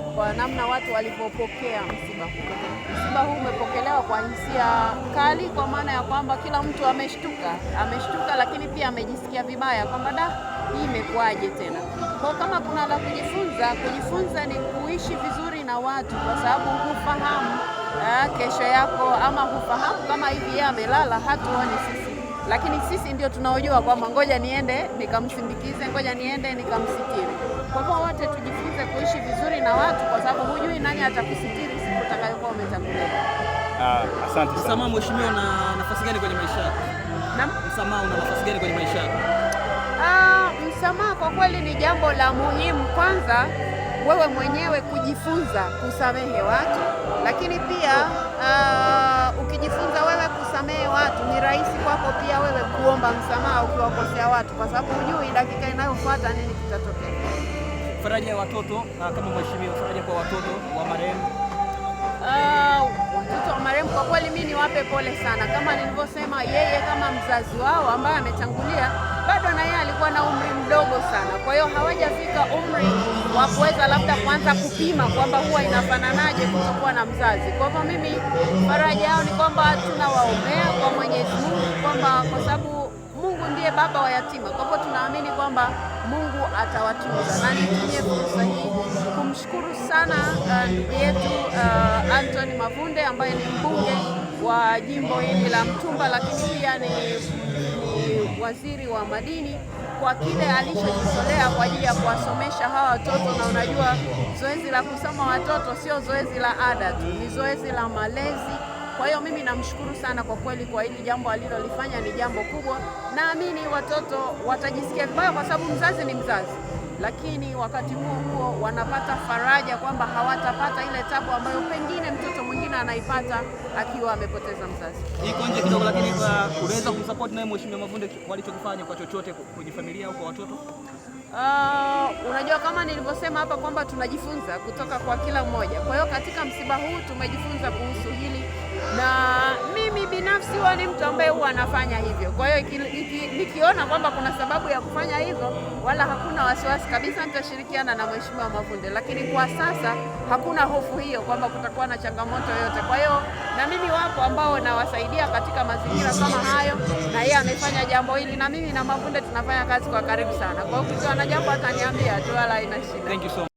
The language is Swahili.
Kwa namna watu walivyopokea msiba huu. Msiba huu umepokelewa kwa hisia kali, kwa maana ya kwamba kila mtu ameshtuka, ameshtuka lakini pia amejisikia vibaya kwamba da, hii imekuwaje tena. Kwa kama kuna la kujifunza, kujifunza ni kuishi vizuri na watu, kwa sababu hufahamu eh, kesho yako, ama hufahamu kama hivi yeye amelala, hatuoni sisi lakini sisi ndio tunaojua kwamba ngoja niende nikamsindikize, ngoja niende nikamsitiri. Kwa hivyo wote tujifunze na watu, kwa sababu hujui nani atakusitiri siku utakayokuwa umetangulia. Ah, asante sana. Msamaha mheshimiwa, na nafasi gani kwenye maisha yako? Naam, msamaha una nafasi gani kwenye maisha yako? Ah, msamaha kwa kweli ni jambo la muhimu, kwanza wewe mwenyewe kujifunza kusamehe watu, lakini pia uh, ukijifunza wewe kusamehe watu ni rahisi kwako pia wewe kuomba msamaha ukiwakosea watu, kwa sababu hujui dakika inayofuata nini kitatokea faraja ya watoto kama mheshimiwa, faraja kwa watoto wa marehemu? Ah, watoto wa marehemu kwa kweli, mimi niwape pole sana, kama nilivyosema, yeye kama mzazi wao ambaye ametangulia, bado na yeye alikuwa na umri mdogo sana, kwa hiyo hawajafika umri wa kuweza labda kuanza kupima kwamba huwa inafananaje kutokuwa na mzazi. Kwa hivyo mimi faraja yao ni kwamba tunawaombea kwa Mwenyezi Mungu kwamba kwa sababu Mungu ndiye baba wa yatima, kwa hivyo tunaamini kwamba Mungu atawatunza. Na nitumie fursa hii kumshukuru sana uh, ndugu yetu uh, Anthony Mavunde ambaye ni mbunge wa jimbo hili la Mtumba, lakini pia ni, ni waziri wa madini kwa kile alichojitolea kwa ajili ya kuwasomesha hawa watoto. Na unajua zoezi la kusoma watoto sio zoezi la ada tu, ni zoezi la malezi kwa hiyo mimi namshukuru sana kwa kweli kwa hili jambo alilolifanya, ni jambo kubwa. Naamini watoto watajisikia vibaya, kwa sababu mzazi ni mzazi lakini wakati huo huo wanapata faraja kwamba hawatapata ile tabu ambayo pengine mtoto mwingine anaipata akiwa amepoteza mzazi. Iko nje kidogo, lakini unaweza kumsupport naye Mheshimiwa Mavunde walichokifanya kwa chochote kwenye familia au kwa watoto. Uh, unajua kama nilivyosema hapa kwamba tunajifunza kutoka kwa kila mmoja. Kwa hiyo katika msiba huu tumejifunza kuhusu hili na najua ni mtu ambaye huwa anafanya hivyo. Kwa hiyo nikiona kwamba kuna sababu ya kufanya hivyo, wala hakuna wasiwasi kabisa, nitashirikiana na Mheshimiwa Mavunde, lakini kwa sasa hakuna hofu hiyo kwamba kutakuwa na changamoto yoyote. Kwa hiyo na mimi wapo ambao nawasaidia katika mazingira kama hayo, na yeye amefanya jambo hili, na mimi na Mavunde tunafanya kazi kwa karibu sana. Kwa hiyo kukiwa na jambo ataniambia tu, wala haina shida.